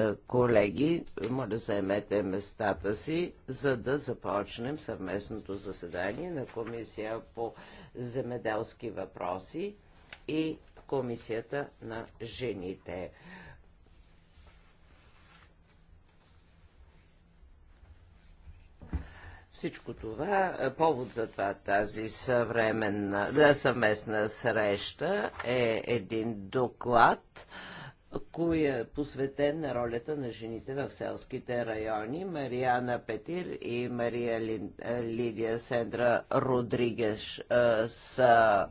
Е, колеги, моля заемете местата си, за да започнем съвместното заседание на Комисия по земеделски въпроси и Комисията на жените. Всичко това, е, повод за това тази съвременна, да, съвместна среща е един доклад кой е посветен на ролята на жените в селските райони. Марияна Петир и Мария Лин, е, Лидия Сендра Родригеш е, са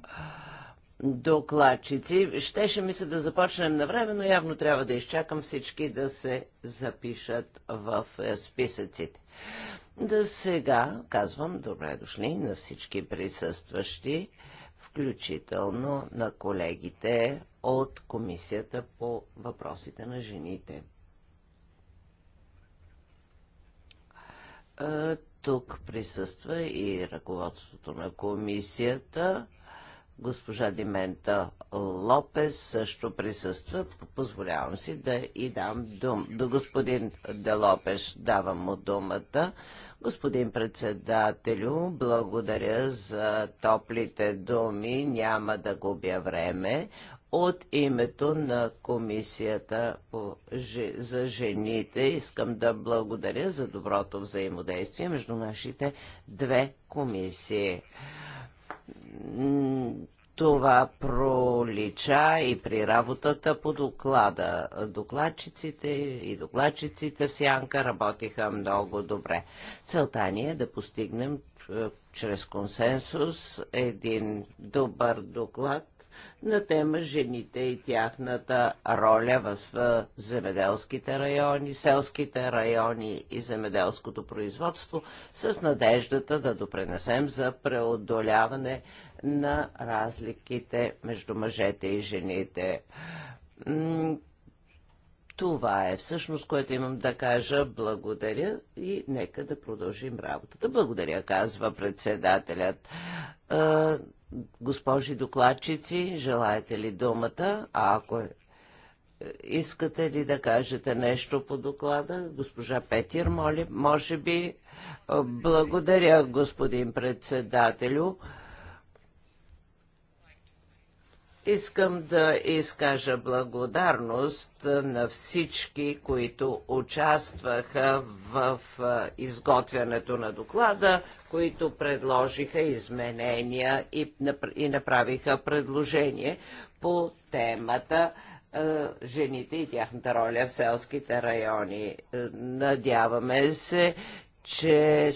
докладчици. Щеше ми се да започнем на време, но явно трябва да изчакам всички да се запишат в е, списъците. Да сега казвам добре дошли на всички присъстващи включително на колегите от Комисията по въпросите на жените. Е, тук присъства и ръководството на комисията. Госпожа Димента Лопес също присъства. Позволявам си да и дам дум. До господин Де Лопеш давам му думата. Господин председателю, благодаря за топлите думи. Няма да губя време от името на комисията по, за жените искам да благодаря за доброто взаимодействие между нашите две комисии това пролича и при работата по доклада. Докладчиците и докладчиците в Сянка работиха много добре. Целта ни е да постигнем е, чрез консенсус един добър доклад, на тема жените и тяхната роля в земеделските райони, селските райони и земеделското производство с надеждата да допренесем за преодоляване на разликите между мъжете и жените. Това е всъщност, което имам да кажа. Благодаря и нека да продължим работата. Благодаря, казва председателят. Госпожи докладчици, желаете ли думата? А ако е, искате ли да кажете нещо по доклада? Госпожа Петир, моли, може би. Благодаря, господин председателю. Искам да изкажа благодарност на всички, които участваха в изготвянето на доклада, които предложиха изменения и направиха предложение по темата жените и тяхната роля в селските райони. Надяваме се, че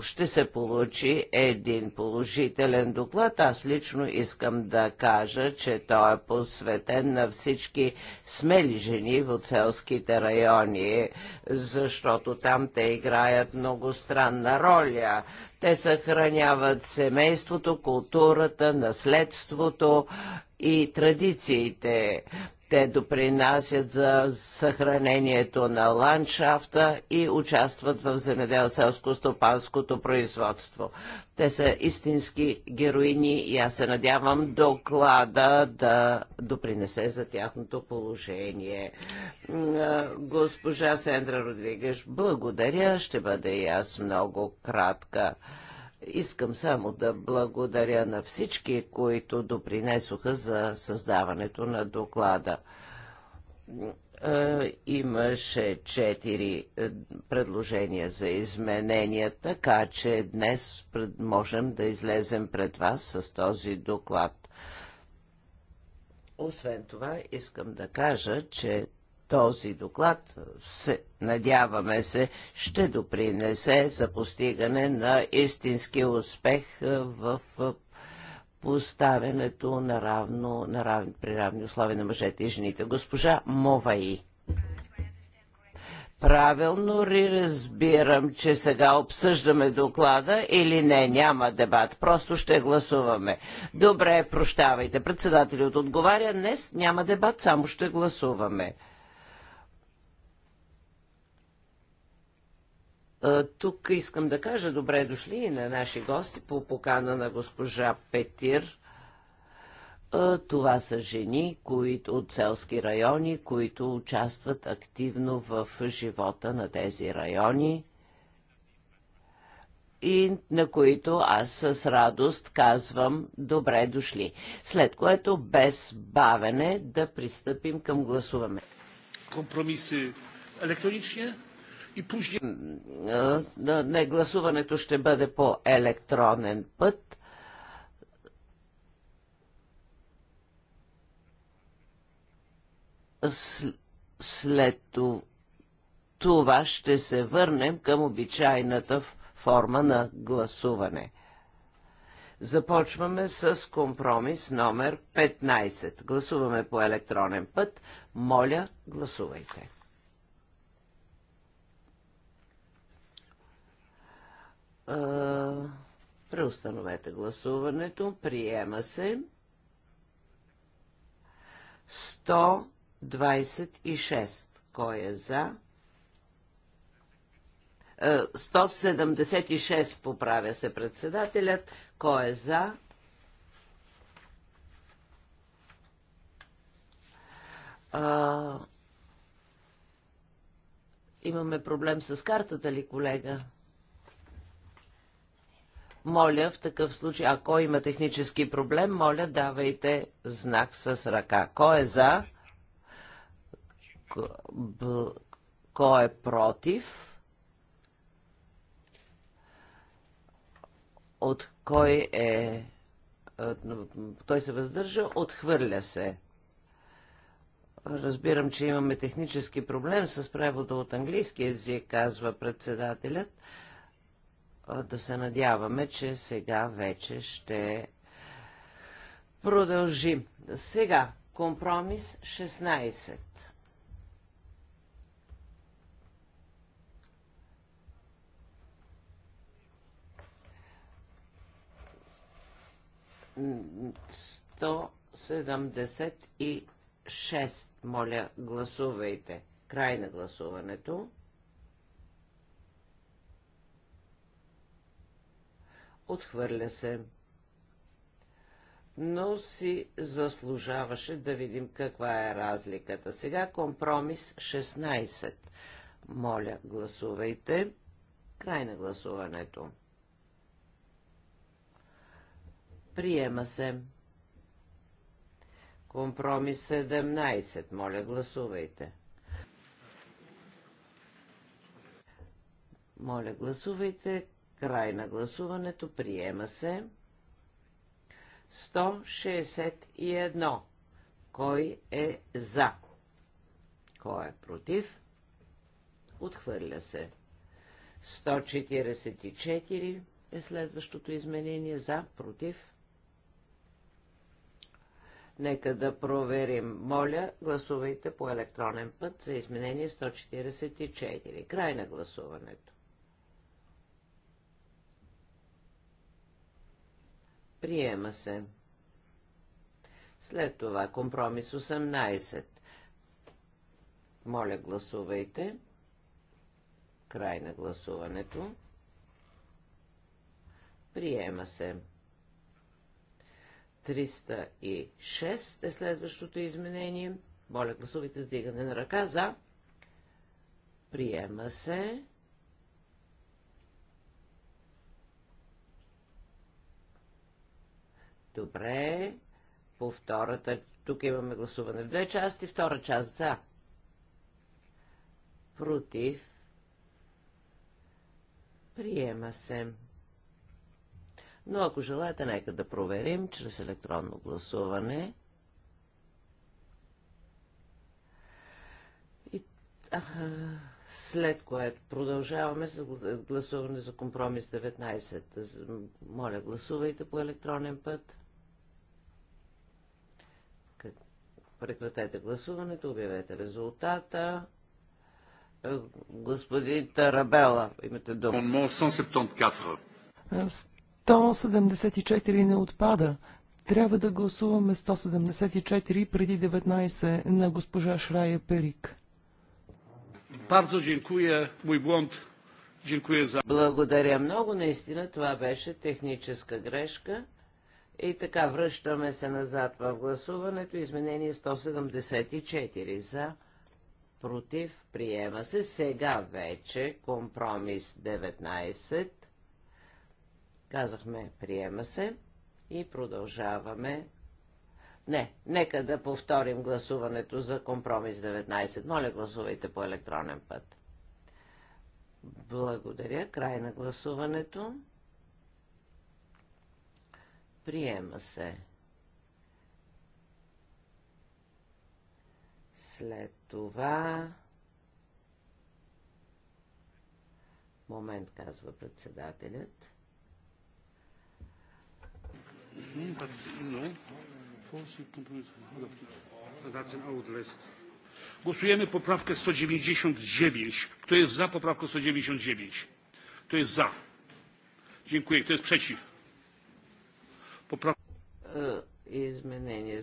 ще се получи един положителен доклад. Аз лично искам да кажа, че той е посветен на всички смели жени в селските райони, защото там те играят много странна роля. Те съхраняват семейството, културата, наследството и традициите. Те допринасят за съхранението на ландшафта и участват в селско стопанското производство. Те са истински героини и аз се надявам доклада да допринесе за тяхното положение. Госпожа Сендра Родригеш, благодаря. Ще бъде и аз много кратка. Искам само да благодаря на всички, които допринесоха за създаването на доклада. Е, имаше четири е, предложения за изменения, така че днес можем да излезем пред вас с този доклад. Освен това, искам да кажа, че този доклад, се, надяваме се, ще допринесе за постигане на истински успех в поставянето на равно, на равни, при равни условия на мъжете и жените. Госпожа Моваи. Правилно ли разбирам, че сега обсъждаме доклада или не? Няма дебат. Просто ще гласуваме. Добре, прощавайте. Председателят отговаря. Днес няма дебат, само ще гласуваме. Тук искам да кажа добре дошли и на наши гости по покана на госпожа Петир. Това са жени които, от селски райони, които участват активно в живота на тези райони и на които аз с радост казвам добре дошли. След което без бавене да пристъпим към гласуване. Компромиси електронични? и пуши. Не, гласуването ще бъде по електронен път. След това ще се върнем към обичайната форма на гласуване. Започваме с компромис номер 15. Гласуваме по електронен път. Моля, гласувайте. Преустановете гласуването. Приема се. 126. Кой е за? 176 поправя се председателят. Кой е за? А, имаме проблем с картата ли, колега? Моля, в такъв случай, ако има технически проблем, моля, давайте знак с ръка. Кой е за? Кой е против? От кой е... Той се въздържа, отхвърля се. Разбирам, че имаме технически проблем с превода от английски език, казва председателят да се надяваме, че сега вече ще продължим. Сега компромис 16. Сто седемдесет и шест. Моля, гласувайте. Край на гласуването. Отхвърля се. Но си заслужаваше да видим каква е разликата. Сега компромис 16. Моля, гласувайте. Край на гласуването. Приема се. Компромис 17. Моля, гласувайте. Моля, гласувайте. Край на гласуването. Приема се. 161. Кой е за? Кой е против? Отхвърля се. 144 е следващото изменение за, против. Нека да проверим. Моля, гласувайте по електронен път за изменение 144. Край на гласуването. Приема се. След това компромис 18. Моля, гласувайте. Край на гласуването. Приема се. 306 е следващото изменение. Моля, гласувайте с дигане на ръка за. Приема се. Добре. По втората. Тук имаме гласуване в две части. Втора част за. Против. Приема се. Но ако желаете, нека да проверим чрез електронно гласуване. И, а, след което продължаваме с гласуване за компромис 19. Моля, гласувайте по електронен път. Прекратете гласуването, обявете резултата. Е, господин Тарабела, имате дума. 174. не отпада. Трябва да гласуваме 174 преди 19 на госпожа Шрая Перик. Благодаря много. Наистина това беше техническа грешка. И така, връщаме се назад в гласуването. Изменение 174 за, против, приема се. Сега вече компромис 19. Казахме, приема се. И продължаваме. Не, нека да повторим гласуването за компромис 19. Моля, гласувайте по електронен път. Благодаря. Край на гласуването. Приема се. След това... Момент, казва председателят. Głosujemy poprawkę 199. Kto jest za poprawką 199? Kto jest za? Dziękuję. Kto jest przeciw? Поправка. Е, изменение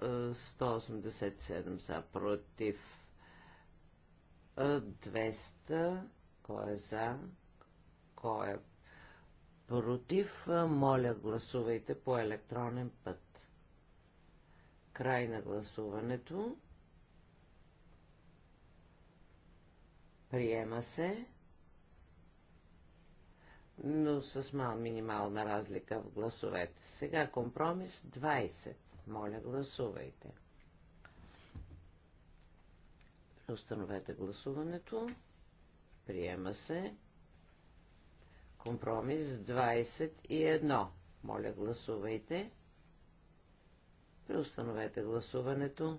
187 е, за против 200. Е, Кой е за? Кой е против? Моля, гласувайте по електронен път. Край на гласуването. Приема се но с мал, минимална разлика в гласовете. Сега компромис 20. Моля, гласувайте. Установете гласуването. Приема се. Компромис 21. Моля, гласувайте. Преустановете гласуването.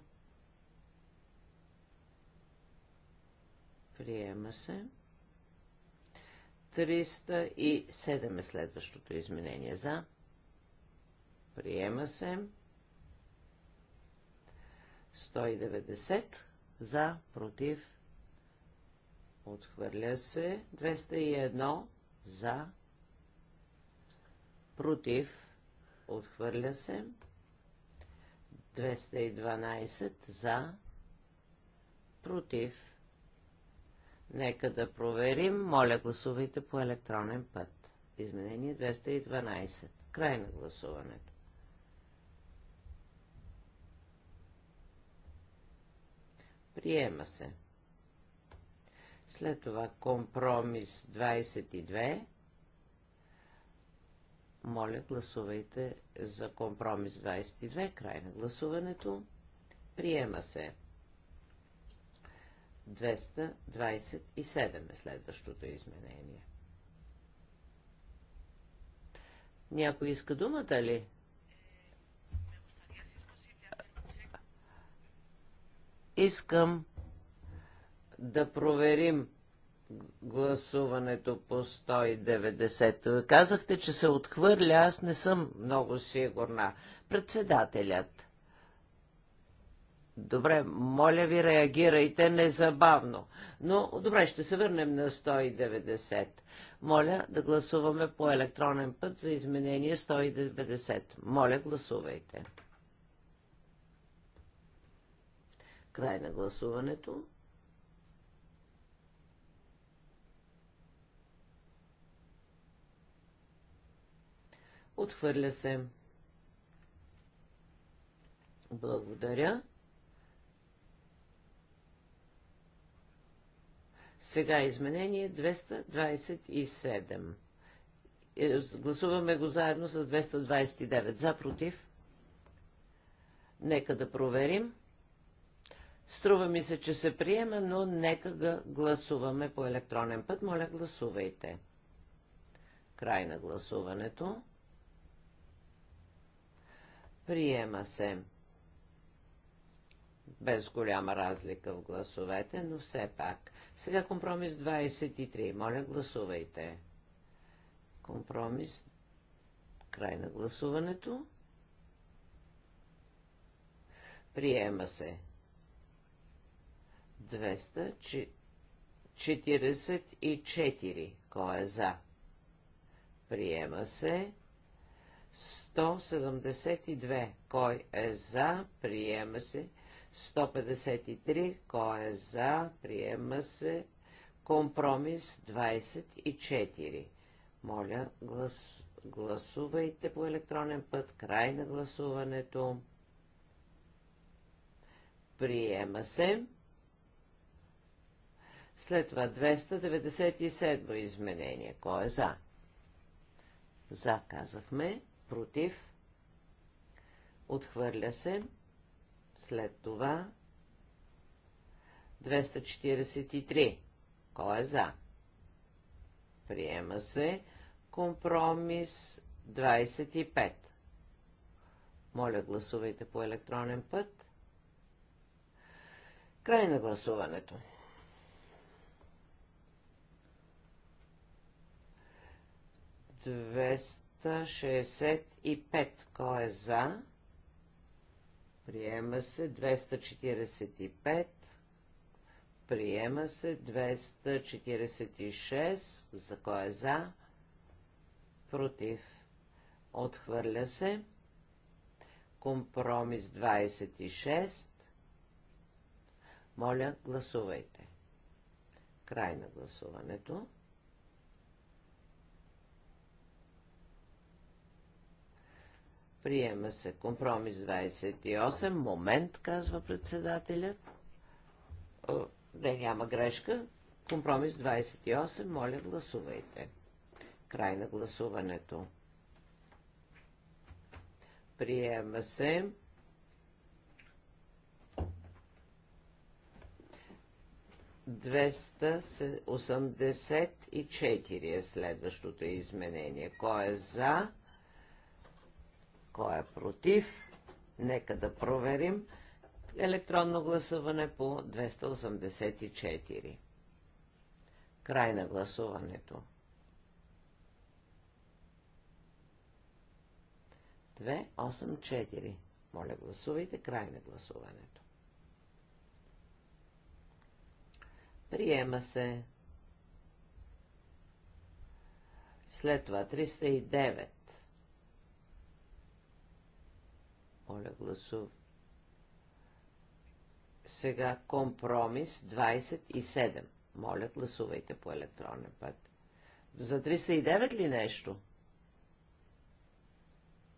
Приема се. 307 е следващото изменение. За. Приема се. 190. За. Против. Отхвърля се. 201. За. Против. Отхвърля се. 212. За. Против Нека да проверим. Моля, гласувайте по електронен път. Изменение 212. Край на гласуването. Приема се. След това компромис 22. Моля, гласувайте за компромис 22. Край на гласуването. Приема се. 227 е следващото изменение. Някой иска думата ли? Искам да проверим гласуването по 190. Казахте, че се отхвърля, аз не съм много сигурна. Председателят. Добре, моля ви, реагирайте незабавно. Но добре, ще се върнем на 190. Моля да гласуваме по електронен път за изменение 190. Моля, гласувайте. Край на гласуването. Отхвърля се. Благодаря. Сега изменение 227. Е, гласуваме го заедно с 229. За, против? Нека да проверим. Струва ми се, че се приема, но нека да гласуваме по електронен път. Моля, гласувайте. Край на гласуването. Приема се. Без голяма разлика в гласовете, но все пак. Сега компромис 23. Моля, гласувайте. Компромис. Край на гласуването. Приема се. 244. Кой е за? Приема се. 172. Кой е за? Приема се. 173. 153, кой е за, приема се. Компромис 24. Моля, глас, гласувайте по електронен път. Край на гласуването. Приема се. След това 297 изменение. Кой е за? За казахме. Против. Отхвърля се. След това 243. Кой е за? Приема се компромис 25. Моля, гласувайте по електронен път. Край на гласуването. Двеста шестдесет и пет. Кой е за? Приема се 245. Приема се 246. За кой е за? Против. Отхвърля се. Компромис 26. Моля, гласувайте. Край на гласуването. Приема се компромис 28. Момент, казва председателят. Да няма грешка. Компромис 28. Моля, гласувайте. Край на гласуването. Приема се. Двеста е следващото изменение. Кой е за? Кой е против? Нека да проверим. Електронно гласуване по 284. Край на гласуването. 284. Моля, гласувайте край на гласуването. Приема се. След това 309. Моля, гласувай. Сега компромис 27. Моля, гласувайте по електронен път. За 309 ли нещо?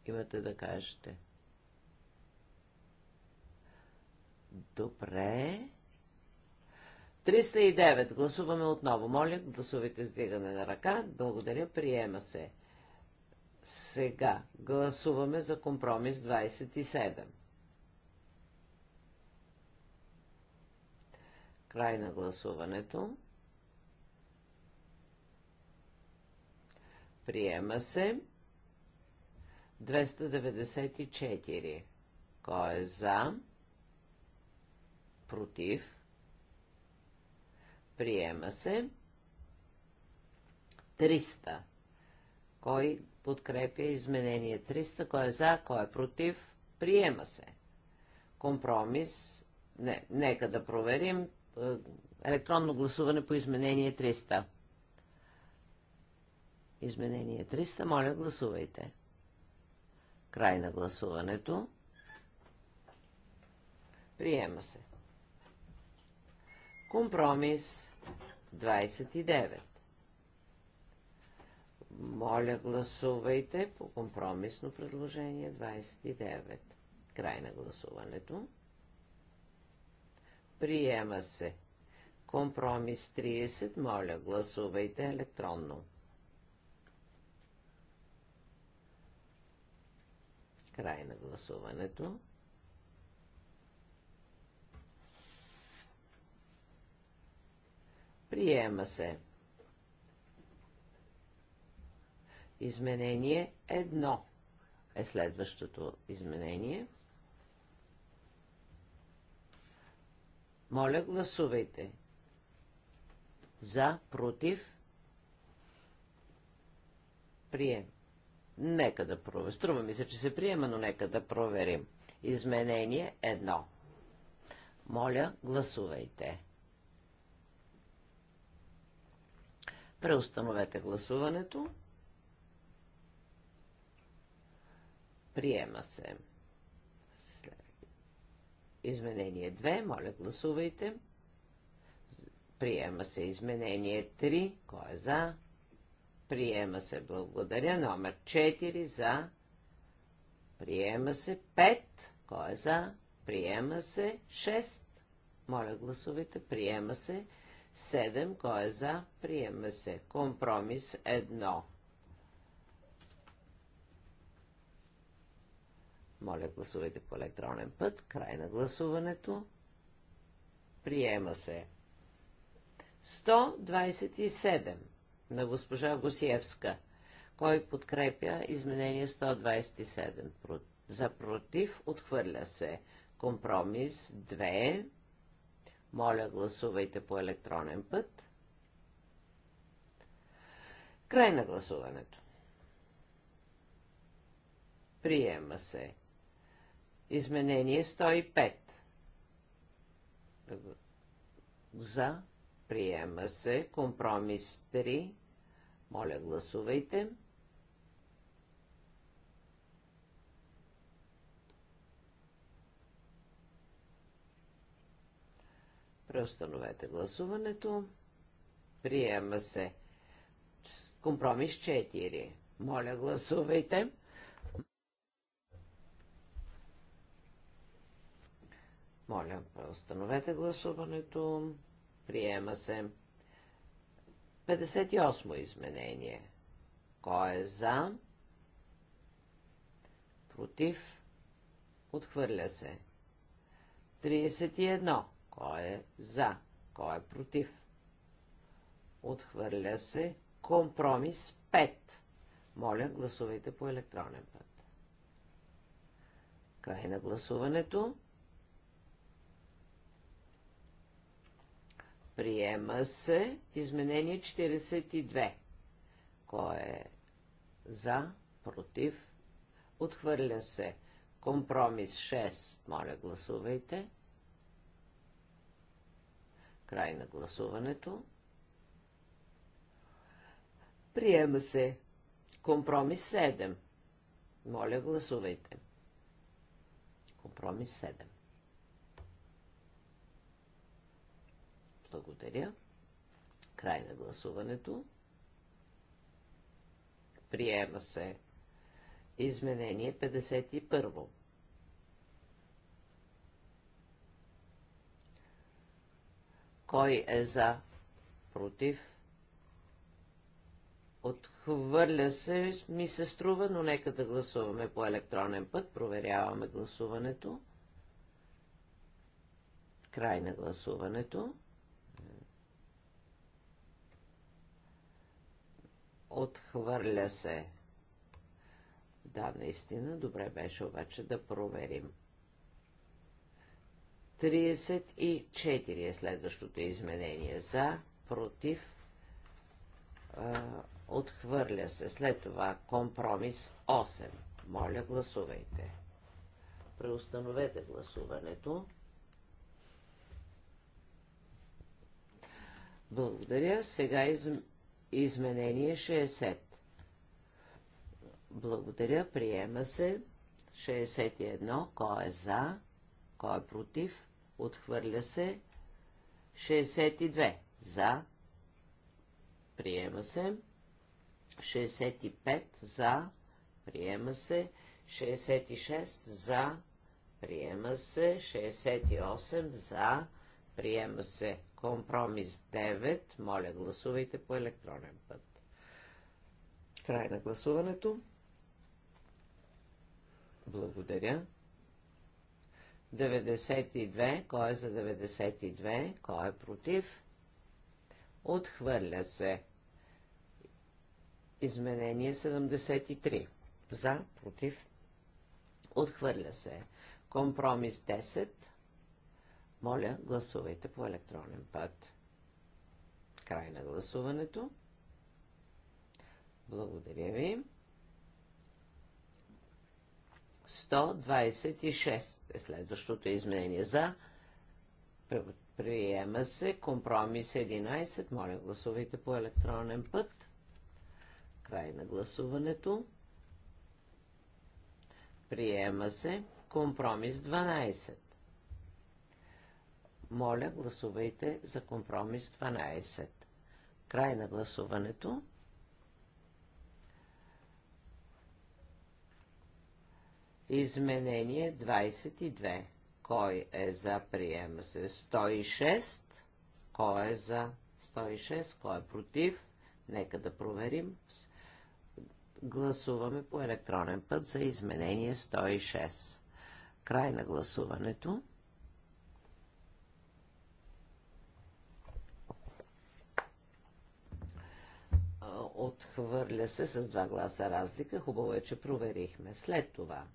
Имате да кажете. Добре. 309. Гласуваме отново. Моля, гласувайте с дигане на ръка. Благодаря. Приема се. Сега гласуваме за компромис 27. Край на гласуването. Приема се 294. Кой е за? Против? Приема се 300. Кой Подкрепя изменение 300. Кой е за, кой е против? Приема се. Компромис. Не, нека да проверим. Е, електронно гласуване по изменение 300. Изменение 300. Моля, гласувайте. Край на гласуването. Приема се. Компромис 29. Моля, гласувайте по компромисно предложение 29. Край на гласуването. Приема се. Компромис 30. Моля, гласувайте електронно. Край на гласуването. Приема се. Изменение 1 е следващото изменение. Моля, гласувайте. За, против, прием. Нека да проверим. Струва ми се, че се приема, но нека да проверим. Изменение 1. Моля, гласувайте. Преустановете гласуването. Приема се. Изменение 2. Моля, гласувайте. Приема се изменение 3. Кой е за? Приема се. Благодаря. Номер 4. За. Приема се. 5. Кой е за? Приема се. 6. Моля, гласувайте. Приема се. 7. Кой е за? Приема се. Компромис 1. Моля, гласувайте по електронен път. Край на гласуването. Приема се. 127 на госпожа Гусиевска, Кой подкрепя изменение 127? За против отхвърля се. Компромис 2. Моля, гласувайте по електронен път. Край на гласуването. Приема се. Изменение 105. За. Приема се. Компромис 3. Моля, гласувайте. Преустановете гласуването. Приема се. Компромис 4. Моля, гласувайте. Моля, установете гласуването. Приема се. 58 изменение. Кой е за? Против? Отхвърля се. 31. Кой е за? Кой е против? Отхвърля се. Компромис 5. Моля, гласувайте по електронен път. Край на гласуването. Приема се изменение 42. Кой е за, против, отхвърля се. Компромис 6. Моля, гласувайте. Край на гласуването. Приема се. Компромис 7. Моля, гласувайте. Компромис 7. Благодаря. Край на гласуването. Приема се. Изменение 51. Кой е за? Против? Отхвърля се, ми се струва, но нека да гласуваме по електронен път. Проверяваме гласуването. Край на гласуването. Отхвърля се. Да, наистина, добре беше обаче да проверим. 34 е следващото изменение. За, против, а, отхвърля се. След това компромис 8. Моля, гласувайте. Преустановете гласуването. Благодаря. Сега изм... Изменение 60. Благодаря, приема се. 61. Кой е за? Кой е против? Отхвърля се. 62. За. Приема се. 65. За. Приема се. 66. За. Приема се. 68. За. Приема се. Компромис 9. Моля, гласувайте по електронен път. Край на гласуването. Благодаря. 92. Кой е за 92? Кой е против? Отхвърля се. Изменение 73. За, против. Отхвърля се. Компромис 10. Моля, гласувайте по електронен път. Край на гласуването. Благодаря ви. 126 е следващото изменение за. Приема се компромис 11. Моля, гласувайте по електронен път. Край на гласуването. Приема се компромис 12. Моля, гласувайте за компромис 12. Край на гласуването. Изменение 22. Кой е за приема се? 106. Кой е за 106? Кой е против? Нека да проверим. Гласуваме по електронен път за изменение 106. Край на гласуването. отхвърля се с два гласа разлика. Хубаво е, че проверихме. След това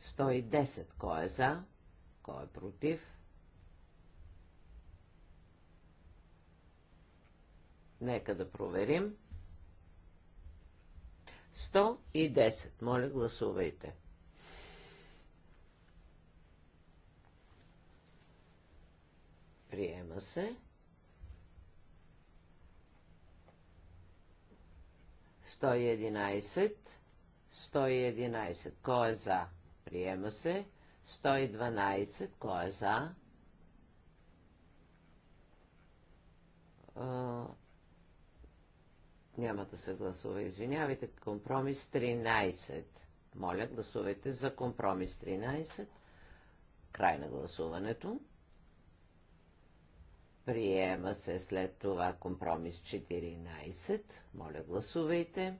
110. Кой е за? Кой е против? Нека да проверим. 110. Моля, гласувайте. Приема се. 111, 111, кой е за? Приема се. 112, кой е за? А, няма да се гласува, извинявайте, компромис 13. Моля, гласувайте за компромис 13. Край на гласуването. Приема се след това компромис 14. Моля, гласувайте.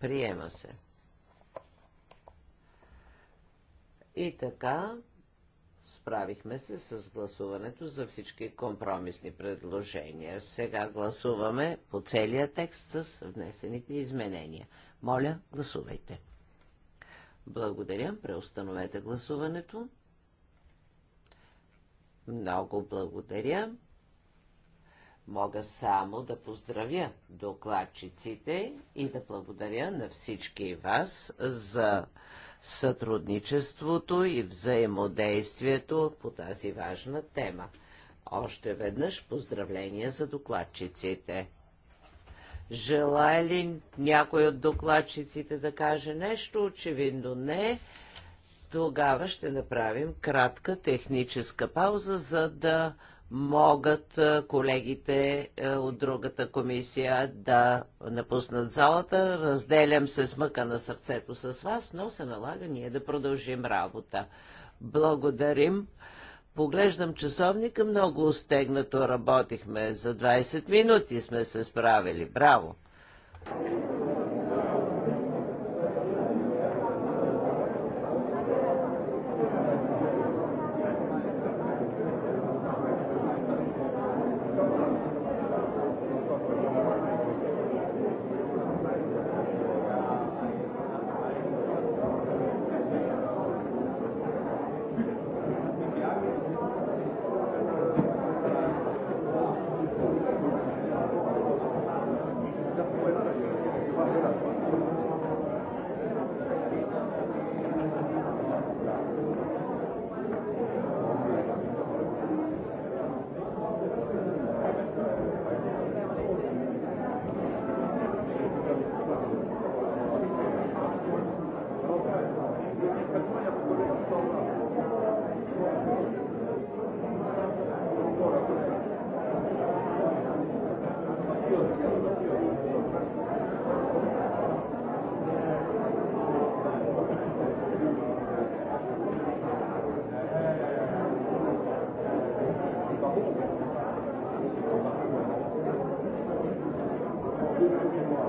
Приема се. И така, справихме се с гласуването за всички компромисни предложения. Сега гласуваме по целия текст с внесените изменения. Моля, гласувайте. Благодаря. Преустановете гласуването. Много благодаря. Мога само да поздравя докладчиците и да благодаря на всички вас за сътрудничеството и взаимодействието по тази важна тема. Още веднъж поздравления за докладчиците. Желая ли някой от докладчиците да каже нещо? Очевидно не. Тогава ще направим кратка техническа пауза, за да могат колегите от другата комисия да напуснат залата. Разделям се с мъка на сърцето с вас, но се налага ние да продължим работа. Благодарим. Поглеждам часовника, много стегнато работихме. За 20 минути сме се справили. Браво!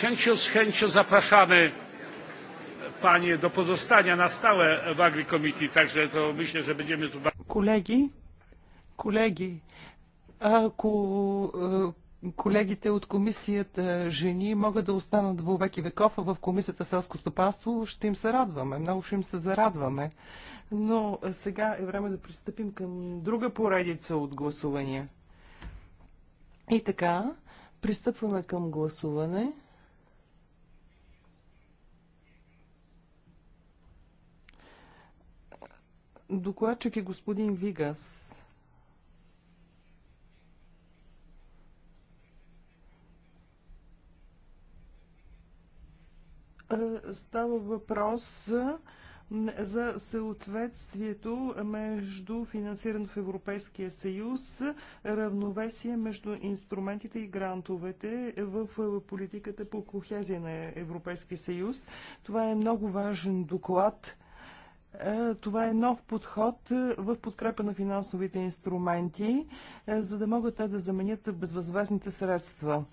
chęcią, z chęcią zapraszamy e, Panie do pozostania na stałe w Agri Committee, także to myślę, że będziemy tu... Kolegi, колеги, ако колегите от комисията жени могат да останат веки веков, а в комисията селско стопанство ще им се радваме. Много ще им се зарадваме. Но сега е време да пристъпим към друга поредица от гласувания. И така, пристъпваме към гласуване. Докладчик е господин Вигас. Става въпрос за съответствието между финансиран в Европейския съюз, равновесие между инструментите и грантовете в политиката по кохезия на Европейския съюз. Това е много важен доклад – е, това е нов подход е, в подкрепа на финансовите инструменти, е, за да могат те да заменят безвъзвестните средства.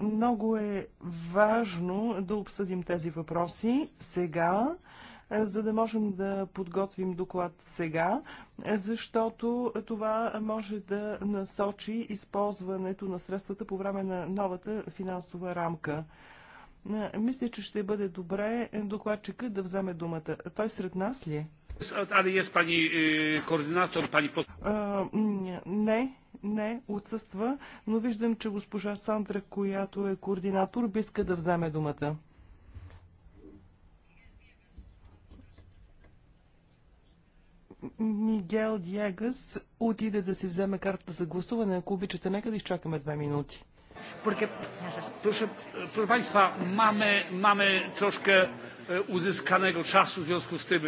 Много е важно да обсъдим тези въпроси сега, за да можем да подготвим доклад сега, защото това може да насочи използването на средствата по време на новата финансова рамка. Мисля, че ще бъде добре докладчика да вземе думата. Той сред нас ли е? Али е пани е, координатор, пани... Не, не, отсъства, но виждам, че госпожа Сандра, която е координатор, би иска да вземе думата. Мигел Диагас отиде да си вземе карта за гласуване. Ако обичате, нека да изчакаме две минути. Proszę, proszę Państwa, mamy, mamy troszkę e, uzyskanego czasu w związku z tym.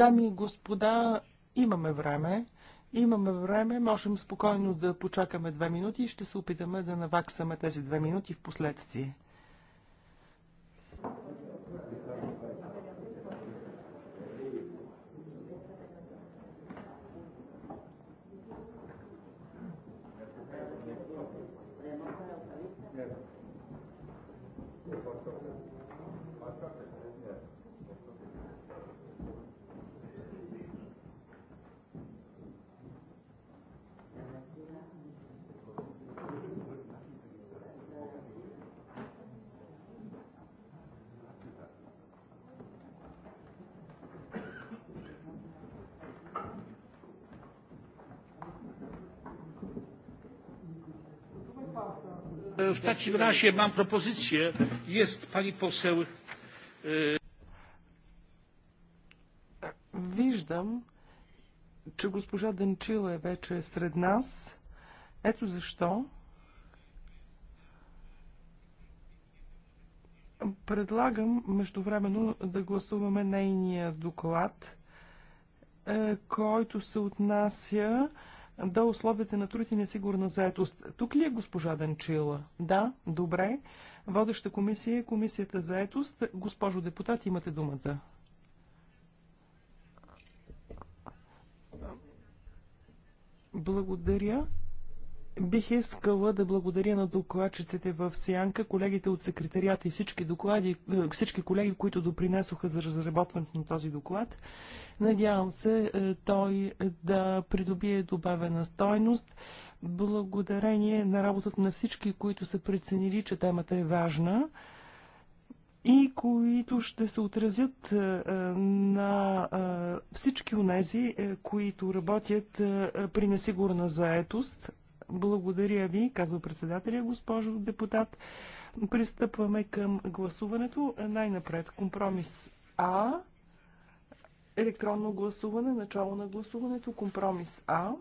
Дами и господа, имаме време. Имаме време, можем спокойно да почакаме две минути и ще се опитаме да наваксаме тези две минути в последствие. W takim razie mam propozycję. Jest pani poseł. E, Виждам, че госпожа Денчила е вече сред нас. Ето защо предлагам междувременно да гласуваме нейния доклад, е, който се отнася да, условията на труд и несигурна заетост. Тук ли е госпожа Данчила? Да, добре. Водеща комисия е комисията заетост. Госпожо депутат, имате думата. Благодаря. Бих искала да благодаря на докладчиците в Сянка, колегите от секретарията и всички, доклади, е, всички колеги, които допринесоха за разработването на този доклад. Надявам се е, той да придобие добавена стойност, благодарение на работата на всички, които са преценили, че темата е важна и които ще се отразят е, на всички онези, които работят при несигурна заетост, благодаря ви, казва председателя, госпожо депутат. Пристъпваме към гласуването. Най-напред компромис А. Електронно гласуване, начало на гласуването, компромис А.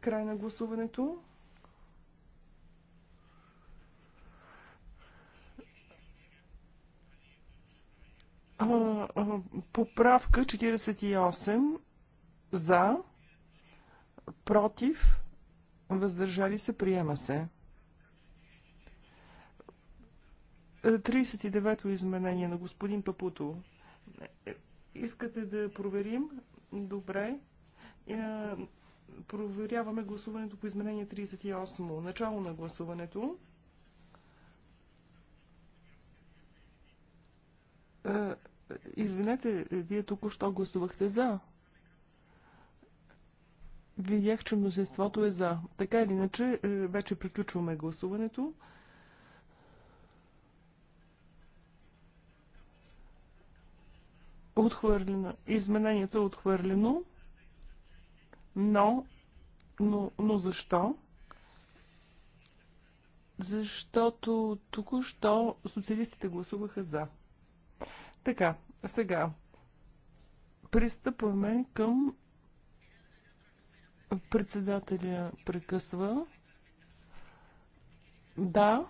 Край на гласуването. поправка 48 за против, въздържали се, приема се. 39-то е, изменение на господин Папуто. Е, искате да проверим? Добре. Е, проверяваме гласуването по изменение 38. Начало на гласуването. Извинете, вие тук, що гласувахте за. Видях, че мнозинството е за. Така или иначе, е, вече приключваме гласуването. Отхвърлено. Изменението е отхвърлено. Но, но, но защо? Защото току-що социалистите гласуваха за. Така, сега пристъпваме към Председателя прекъсва. Да.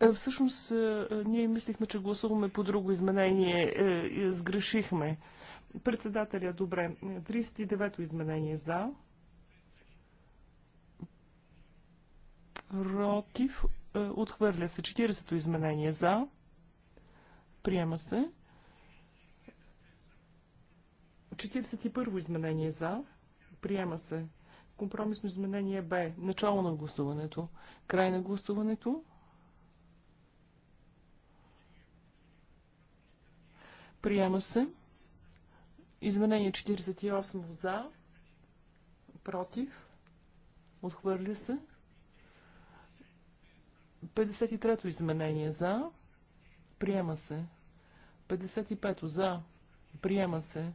Е, всъщност, е, ние мислихме, че гласуваме по друго изменение. Е, сгрешихме. Председателя, добре. 39-то изменение за. Против. Отхвърля се. 40-то изменение за. Приема се. 41 изменение за. Приема се. Компромисно изменение Б. Начало на гласуването. Край на гласуването. Приема се. Изменение 48 за. Против. Отхвърля се. 53-то изменение за. Приема се. 55-то за. Приема се.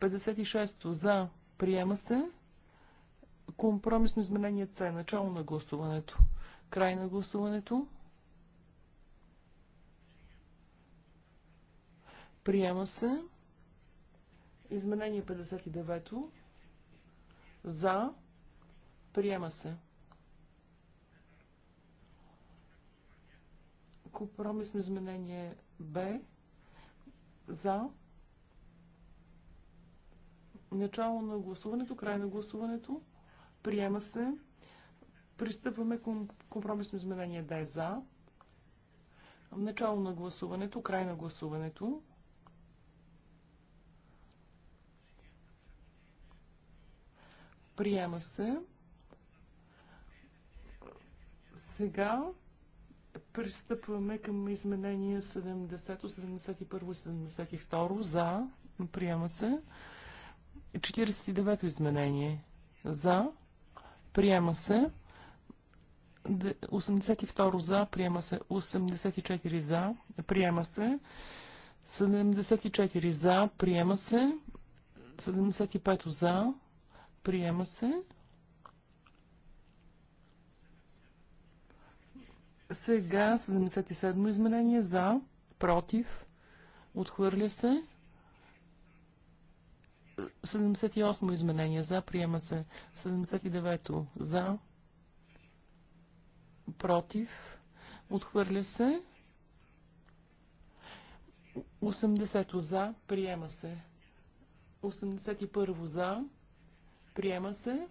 56 за. Приема се. Компромисно изменение С. Начало на гласуването. Край на гласуването. Приема се. Изменение 59. За. Приема се. Компромисно изменение Б. За. Начало на гласуването, край на гласуването. Приема се. Пристъпваме към компромисно изменение да е за. Начало на гласуването, край на гласуването. Приема се. Сега пристъпваме към изменения 70, 71 и 72 за. Приема се. 49-то изменение. За. Приема се. 82 за. Приема се. 84 за. Приема се. 74 за. Приема се. 75 за. Приема се. Сега 77 изменение за. Против. Отхвърля се. 78 изменение за, приема се. 79 за, против, отхвърля се. 80 за, приема се. 81 за, приема се.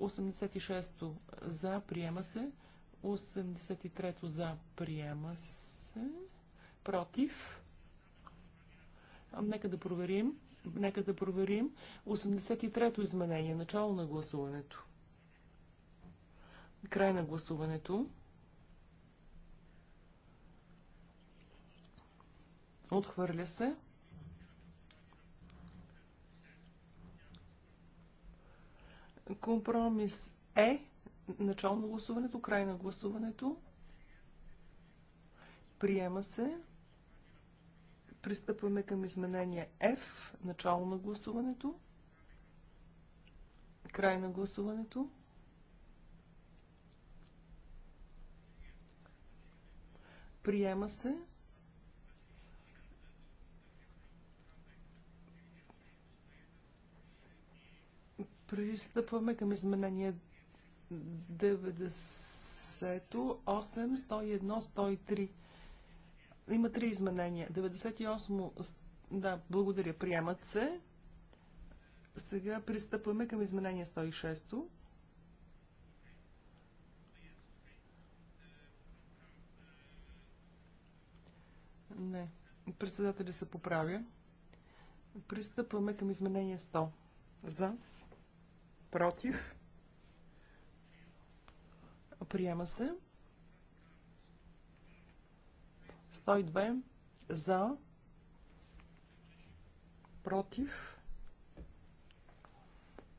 86 за, приема се. 83 за, приема се. Против. Нека да проверим. Нека да проверим. 83-то изменение. Начало на гласуването. Край на гласуването. Отхвърля се. Компромис е начало на гласуването, край на гласуването. Приема се. Пристъпваме към изменение F, начало на гласуването, край на гласуването. Приема се. Пристъпваме към изменение 90, 8, 101, 103. Има три изменения. 98. Да, благодаря. Приемат се. Сега пристъпваме към изменение 106. Не. Председателя се поправя. Пристъпваме към изменение 100. За. Против. Приема се. 102 за, против,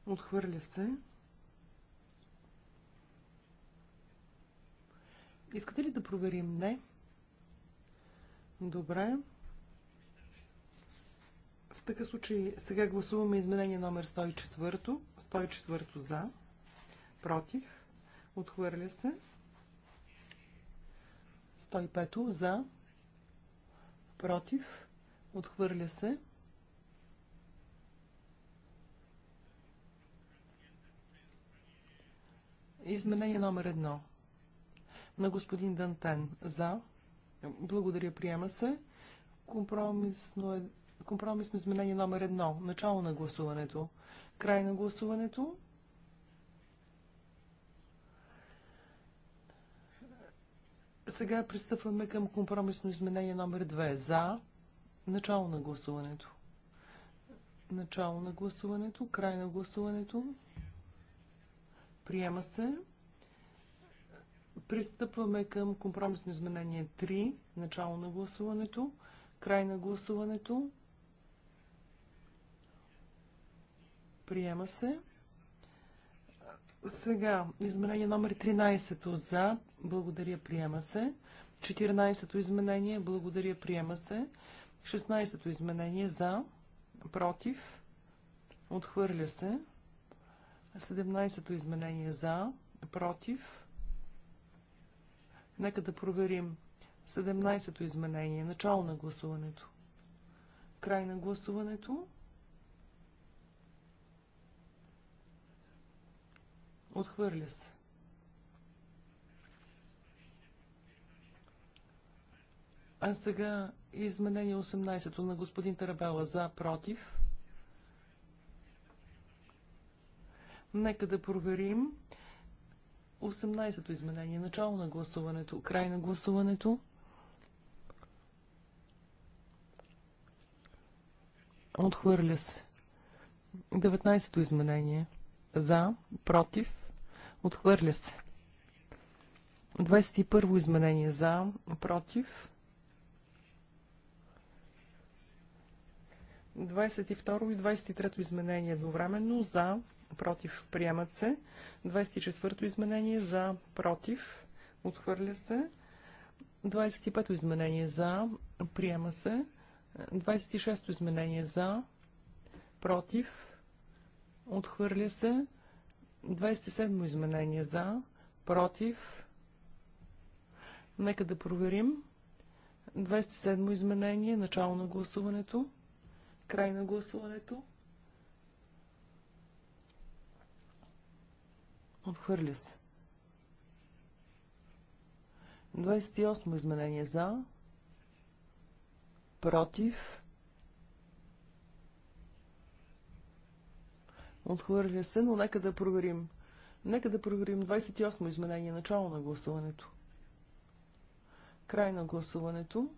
отхвърля се. Искате ли да проверим? Не. Добре. В такъв случай сега гласуваме изменение номер 104. 104 за, против, отхвърля се. 105 за, против, отхвърля се. Изменение номер едно. На господин Дантен. За. Благодаря, приема се. Компромисно, е... Компромисно изменение номер едно. Начало на гласуването. Край на гласуването. Сега пристъпваме към компромисно изменение номер 2. За. Начало на гласуването. Начало на гласуването. Край на гласуването. Приема се. Пристъпваме към компромисно изменение 3. Начало на гласуването. Край на гласуването. Приема се. Сега, изменение номер 13 за, благодаря, приема се. 14-то изменение. Благодаря, приема се. 16-то изменение. За. Против. Отхвърля се. 17-то изменение. За. Против. Нека да проверим. 17-то изменение. Начало на гласуването. Край на гласуването. Отхвърля се. А сега изменение 18 то на господин Тарабела за, против. Нека да проверим. 18-то изменение. Начало на гласуването. Край на гласуването. Отхвърля се. 19-то изменение. За, против. Отхвърля се. 21-во изменение. За, против. 22 и 23 изменение едновременно за, против, приемат се. 24 изменение за, против, отхвърля се. 25 изменение за, приема се. 26 изменение за, против, отхвърля се. 27 изменение за, против. Нека да проверим. 27 изменение, начало на гласуването. Край на гласуването. Отхвърля се. 28 изменение за. Против. Отхвърля се, но нека да проверим. Нека да проверим 28 изменение, начало на гласуването. Край на гласуването.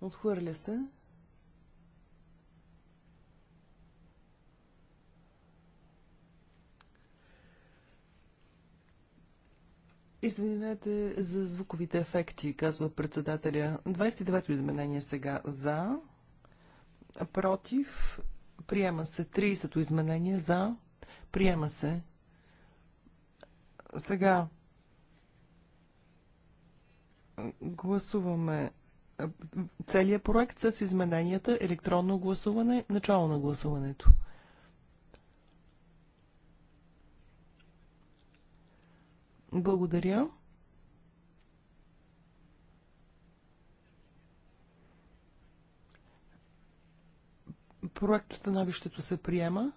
Отхвърля се. Извинете за звуковите ефекти, казва председателя. 29-то изменение сега за, против, приема се 30-то изменение за, приема се. Сега гласуваме целият проект с измененията електронно гласуване, начало на гласуването. Благодаря. Проект становището се приема.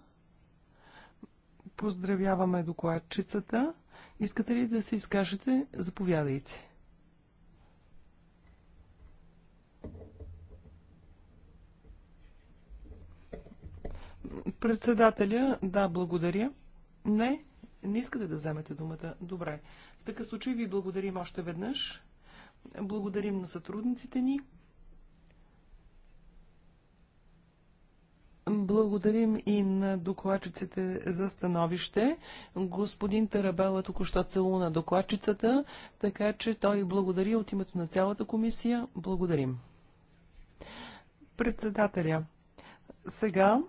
Поздравяваме докладчицата. Искате ли да се изкажете? Заповядайте. Председателя, да, благодаря. Не, не искате да вземете думата. Добре. В такъв случай ви благодарим още веднъж. Благодарим на сътрудниците ни. Благодарим и на докладчиците за становище. Господин Тарабела току-що целуна докладчицата, така че той благодари от името на цялата комисия. Благодарим. Председателя, сега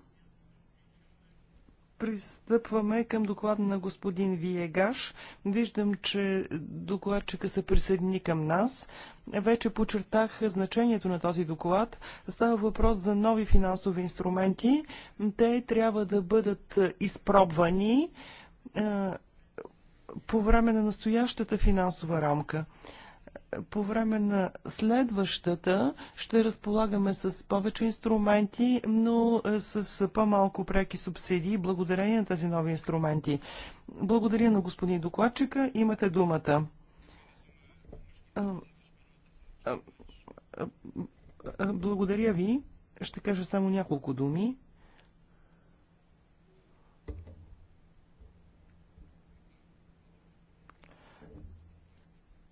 Пристъпваме към доклада на господин Виегаш. Виждам, че докладчика се присъедини към нас. Вече почертах значението на този доклад. Става въпрос за нови финансови инструменти. Те трябва да бъдат изпробвани по време на настоящата финансова рамка по време на следващата ще разполагаме с повече инструменти, но е, с по-малко преки субсидии, благодарение на тези нови инструменти. Благодаря на господин докладчика. Имате думата. Благодаря ви. Ще кажа само няколко думи.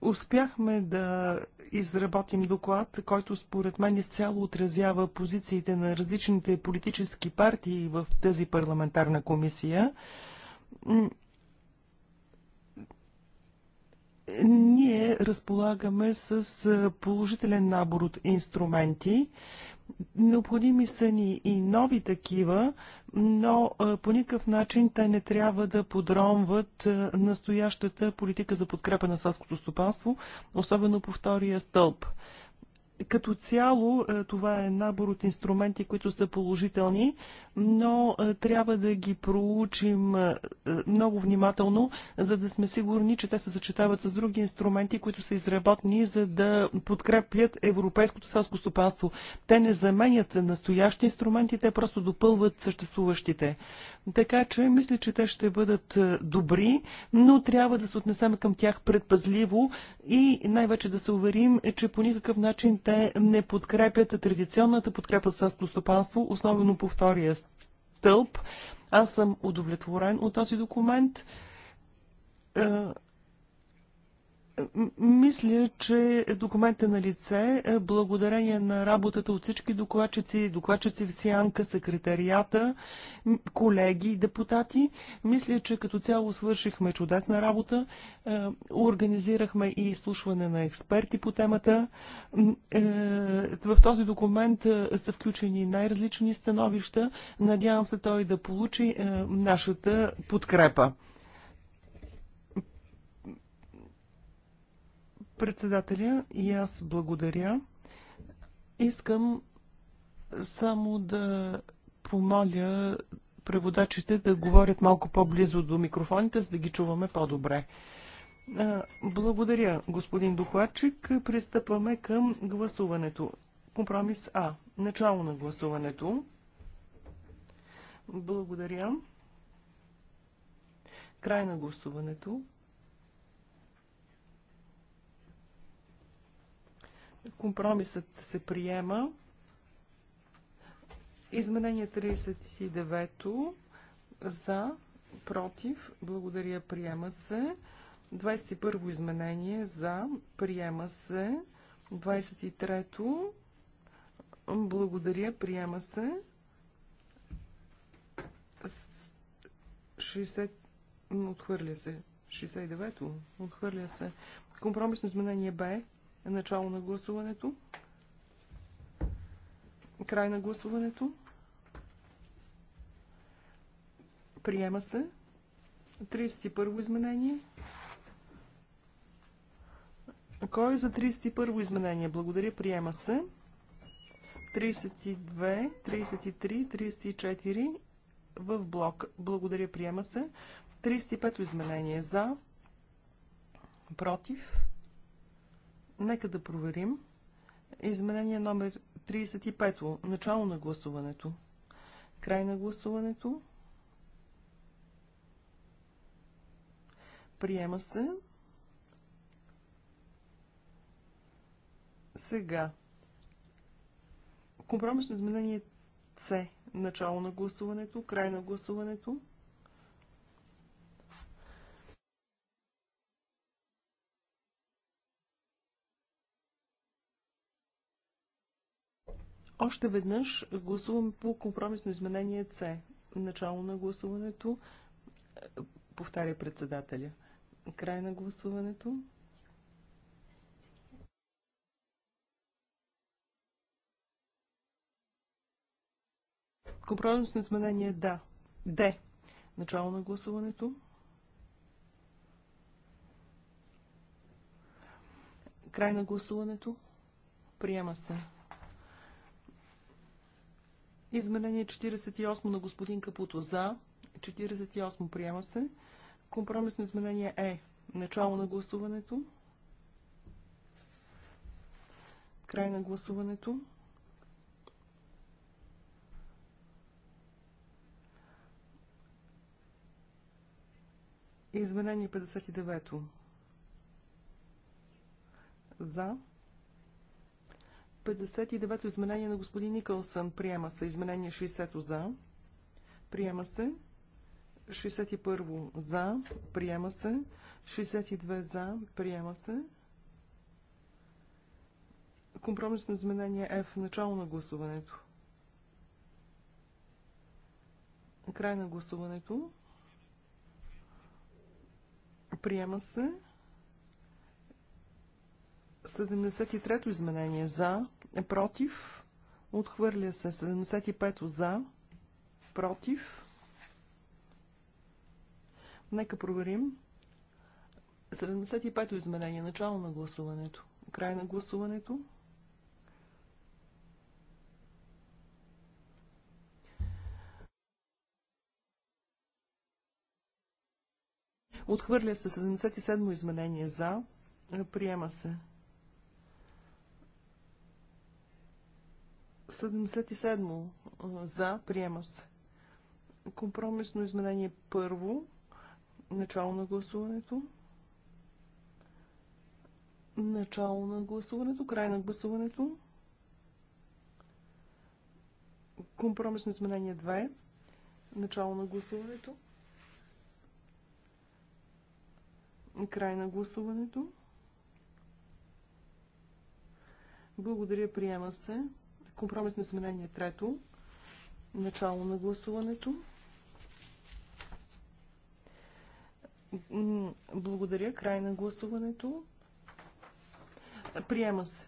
Успяхме да изработим доклад, който според мен изцяло отразява позициите на различните политически партии в тази парламентарна комисия. Ние разполагаме с положителен набор от инструменти. Необходими са ни и нови такива, но по никакъв начин те не трябва да подромват настоящата политика за подкрепа на селското стопанство, особено по втория стълб като цяло е, това е набор от инструменти, които са положителни, но е, трябва да ги проучим е, много внимателно, за да сме сигурни, че те се съчетават с други инструменти, които са изработни, за да подкрепят европейското селско стопанство. Те не заменят настоящи инструменти, те просто допълват съществуващите. Така че мисля, че те ще бъдат добри, но трябва да се отнесем към тях предпазливо и най-вече да се уверим, че по никакъв начин те не подкрепят традиционната подкрепа с стопанство, особено по втория стълб. Аз съм удовлетворен от този документ е, мисля, че документът е на лице, е, благодарение на работата от всички докладчици, докладчици в Сянка, секретарията, колеги и депутати. Мисля, че като цяло свършихме чудесна работа. Е, организирахме и изслушване на експерти по темата. Е, в този документ са включени най-различни становища. Надявам се той да получи нашата подкрепа. Председателя, и аз благодаря. Искам само да помоля преводачите да говорят малко по-близо до микрофоните, за да ги чуваме по-добре. Благодаря, господин докладчик. Пристъпваме към гласуването. Компромис А. Начало на гласуването. Благодаря. Край на гласуването. Компромисът се приема. Изменение 39 за, против, благодаря, приема се. 21 во изменение за, приема се. 23 благодаря, приема се. 60 отхвърля се. 69-то отхвърля се. Компромисно изменение Б е начало на гласуването. Край на гласуването. Приема се. 31 изменение. Кой е за 31 изменение? Благодаря, приема се. 32, 33, 34 в блок. Благодаря, приема се. 35 изменение за, против, Нека да проверим. Изменение номер 35. Начало на гласуването. Край на гласуването. Приема се. Сега. Компромисно изменение С. Начало на гласуването, край на гласуването. Още веднъж гласуваме по компромисно изменение С. Начало на гласуването. Повтаря председателя. Край на гласуването. Компромисно изменение да. Д. Начало на гласуването. Край на гласуването. Приема се. Изменение 48 на господин Капуто за. 48 приема се. Компромисно изменение е начало на гласуването. Край на гласуването. Изменение 59. За. 59-то изменение на господин Никълсън. Приема се. Изменение 60-то за. Приема се. 61 за. Приема се. 62 за. Приема се. Компромисно изменение в Начало на гласуването. Край на гласуването. Приема се. 73-то изменение за, против, отхвърля се 75-то за, против. Нека проверим. 75-то изменение, начало на гласуването, край на гласуването. Отхвърля се 77-то изменение за, приема се 77 за, приема се. Компромисно изменение първо, начало на гласуването. Начало на гласуването, край на гласуването. Компромисно изменение 2, начало на гласуването. Край на гласуването. Благодаря, приема се. Компромисно изменение трето. Начало на гласуването. Благодаря. Край на гласуването. Приема се.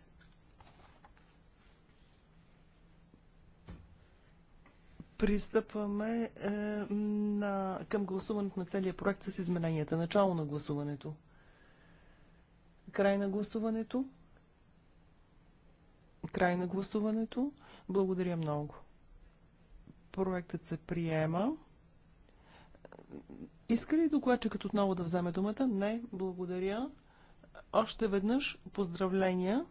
Пристъпваме е, на, към гласуването на целия проект с измененията. Начало на гласуването. Край на гласуването. Край на гласуването. Благодаря много. Проектът се приема. Иска ли докладчикът отново да вземе думата? Не, благодаря. Още веднъж поздравления.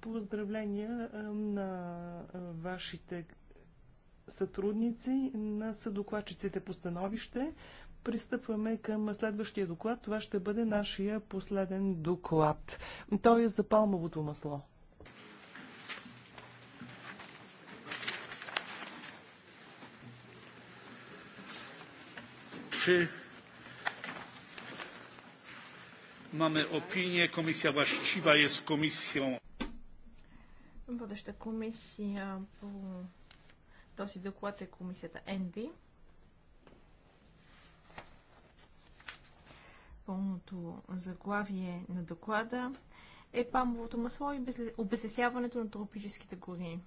Поздравления на вашите сътрудници, на съдокладчиците по становище. Пристъпваме към следващия доклад. Това ще бъде нашия последен доклад. Той е за палмовото масло. Czy mamy opinię? Komisja właściwa jest komisją. Водеща комисия по този доклад е комисията ЕНВИ. пълното заглавие на доклада е памовото масло и обезлесяването на тропическите гори.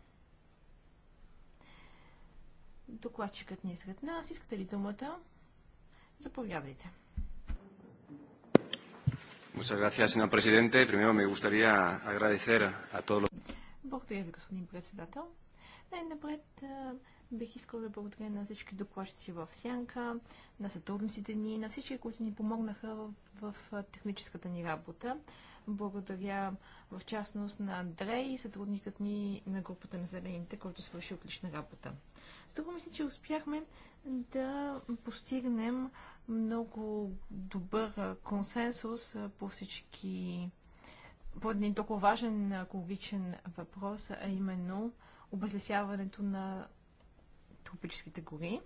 Докладчикът ни е сред нас. Искате ли думата? Заповядайте. Благодаря ви, господин председател. Най-напред Бих искал да благодаря на всички докладчици в Сянка, на сътрудниците ни, на всички, които ни помогнаха в, в техническата ни работа. Благодаря в частност на Андрей, сътрудникът ни на групата на Зелените, който свърши отлична работа. Струва мисля, че успяхме да постигнем много добър консенсус по всички по един толкова важен екологичен въпрос, а именно обезлесяването на тропическите гори.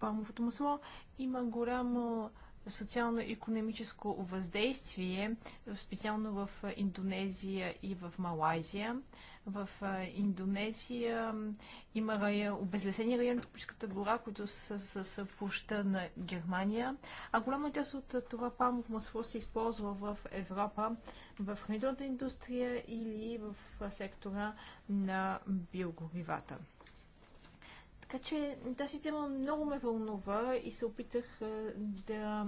Палмовото масло има голямо социално-економическо въздействие, специално в Индонезия и в Малайзия. В Индонезия има обезлесени райони от гора, които са с площа на Германия. А голяма част от това памово масло се използва в Европа, в хранителната индустрия или в сектора на биогоривата. Така че тази тема много ме вълнува и се опитах да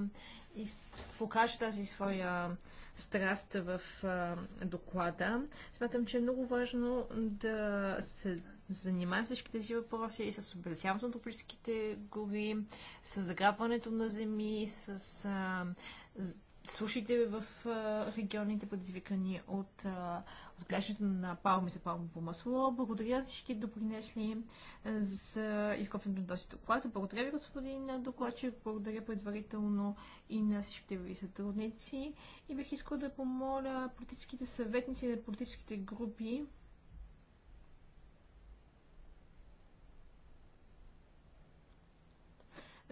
покажа тази своя страст в а, доклада. Смятам, че е много важно да се занимаем всички тези въпроси и с обезяването на тропическите гори, с заграбването на земи, с а, сушите в регионите, предизвикани от отглеждането на палми за палмово масло. Благодаря за всички допринесли за изготвянето на този доклад. Благодаря ви, господин докладчик. Благодаря предварително и на всичките ви сътрудници. И бих искал да помоля политическите съветници на политическите групи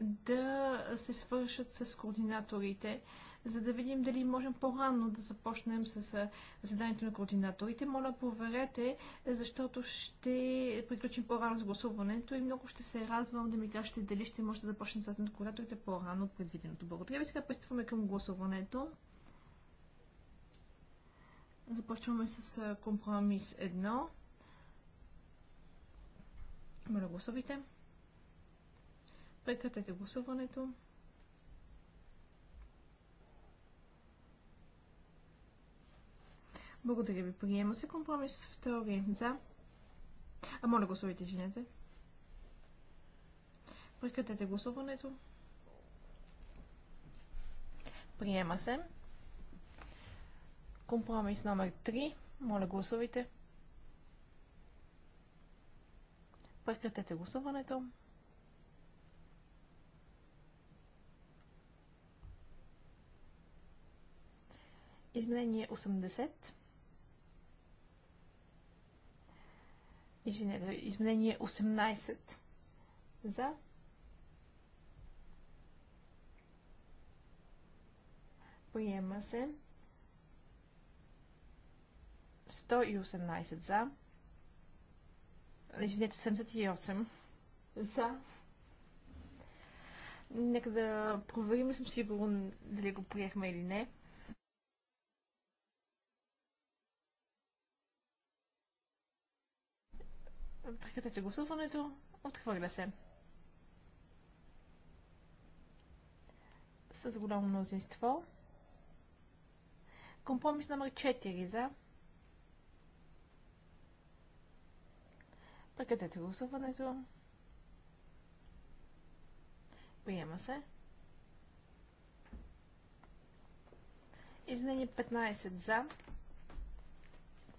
да се свършат с координаторите, за да видим дали можем по-рано да започнем с заданието на координаторите. Моля, проверете, защото ще приключим по-рано с гласуването и много ще се радвам да ми кажете дали ще може да започнем заданието на координаторите по-рано от предвиденото. Благодаря ви. Сега пристъпваме към гласуването. Започваме с компромис 1. Моля, гласувайте. Прекратете гласуването. Благодаря ви. Приема се компромис втори. За. А моля гласувайте, извинете. Прекратете гласуването. Приема се. Компромис номер 3. Моля гласувайте. Прекратете гласуването. Изменение 80. Извинете, изменение 18. За. Приема се. 118 за. Извинете, 78 за. Нека да проверим, не съм сигурен дали го приехме или не. Прекратете гласуването. Отхвърля се. С голямо мнозинство. Компромис номер 4 за. Прекратете гласуването. Приема се. Изменение 15 за.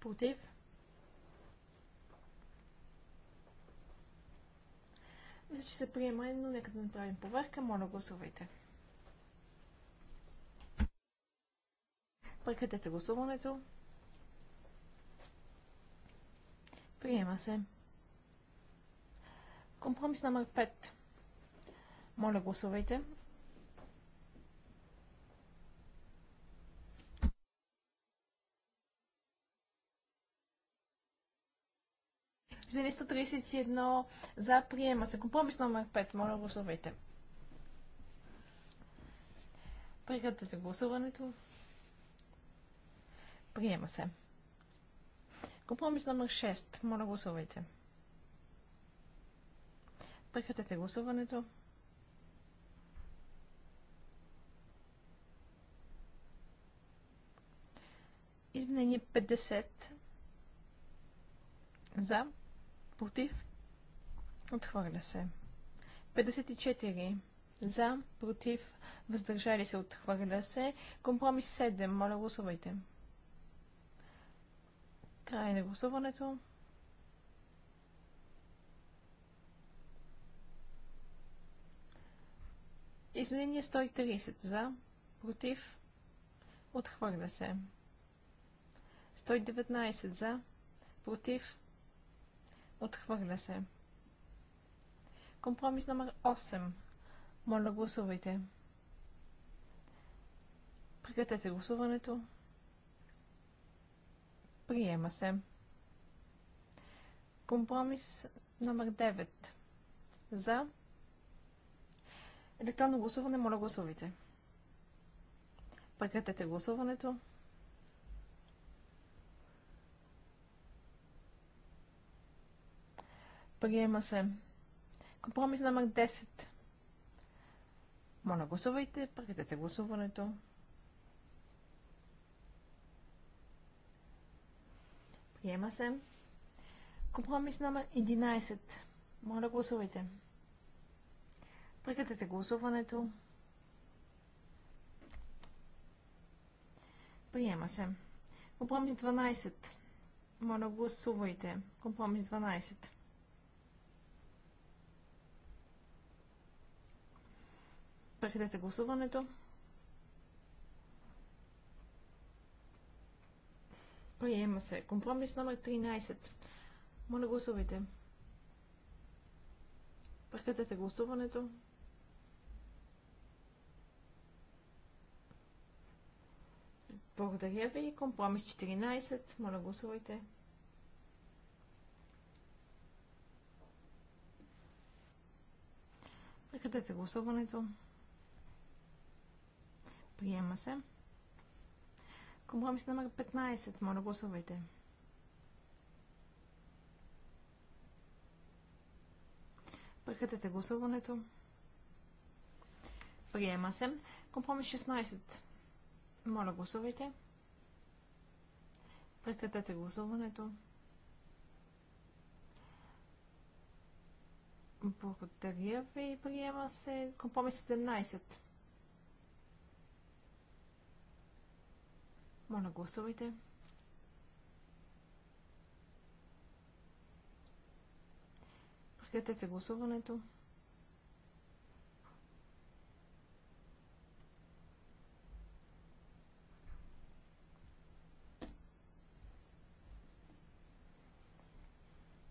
Против. Мисля, че се приема, но нека да направим проверка. Моля, гласувайте. Прекратете гласуването. Приема се. Компромис номер 5. Моля, гласувайте. Изменение за приема се. Компромис номер 5. Моля гласувайте. Прекратете гласуването. Приема се. Компромис номер 6. Моля гласувайте. Прекратете гласуването. Изменение 50 за Против. Отхвърля се. 54. За. Против. Въздържали се. Отхвърля се. Компромис 7. Моля гласувайте. Край на гласуването. Изменение 130 за, против, отхвърля се. 119 за, против, Отхвърля се. Компромис номер 8. Моля, гласувайте. Прекратете гласуването. Приема се. Компромис номер 9. За. Електронно гласуване, моля гласувайте. Прекратете гласуването. Приема се. Компромис номер 10. Моля, гласувайте. Прекратете гласуването. Приема се. Компромис номер 11. Моля, гласувайте. Прекратете гласуването. Приема се. Компромис 12. Моля, гласувайте. Компромис 12. Прекратете гласуването. Приема се. Компромис номер 13. Моля гласувайте. Прекратете гласуването. Благодаря ви. Компромис 14. Моля гласувайте. Прекратете гласуването. Приема се. Компромис номер 15. Моля, гласувайте. Прекратете гласуването. Приема се. Компромис 16. Моля, гласувайте. Прекратете гласуването. Благодаря ви. Приема се компромис 17. Моля, гласувайте. Прекратете гласуването.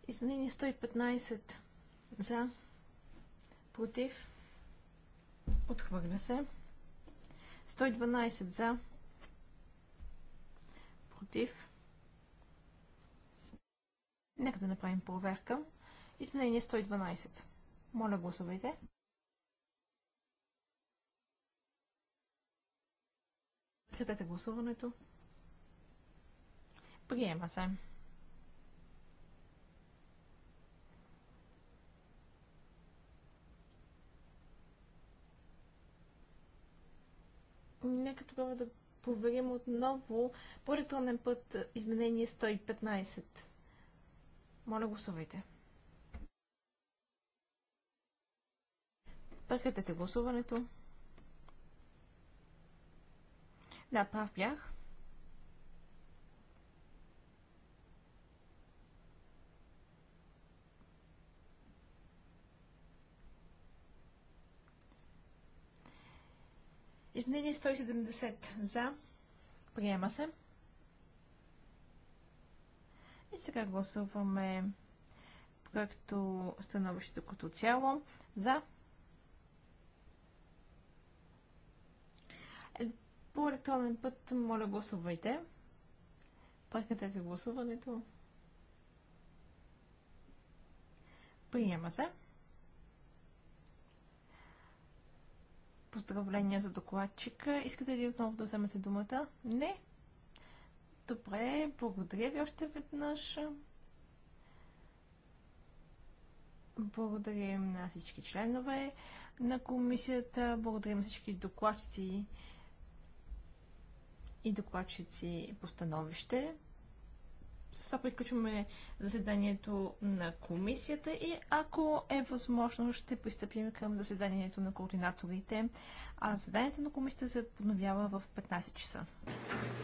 Изменение 115 за, против, отхвърля се. 112 за, против. Нека да направим проверка. Изменение 112. Моля, гласувайте. Прекратете гласуването. Приема се. Нека тогава да проверим отново по електронен път е, изменение 115. Моля, гласувайте. Прекратете гласуването. Да, прав бях. Изменение 170 за. Приема се. И сега гласуваме проекто становището като цяло за. По електронен път, моля гласувайте. Прекратете гласуването. Приема се. Поздравления за докладчика. Искате ли отново да вземете думата? Не. Добре, благодаря ви още веднъж. Благодарим на всички членове на комисията, благодарим на всички докладчици и докладчици по становище. С това приключваме заседанието на комисията и ако е възможно, ще пристъпим към заседанието на координаторите. А заседанието на комисията се подновява в 15 часа.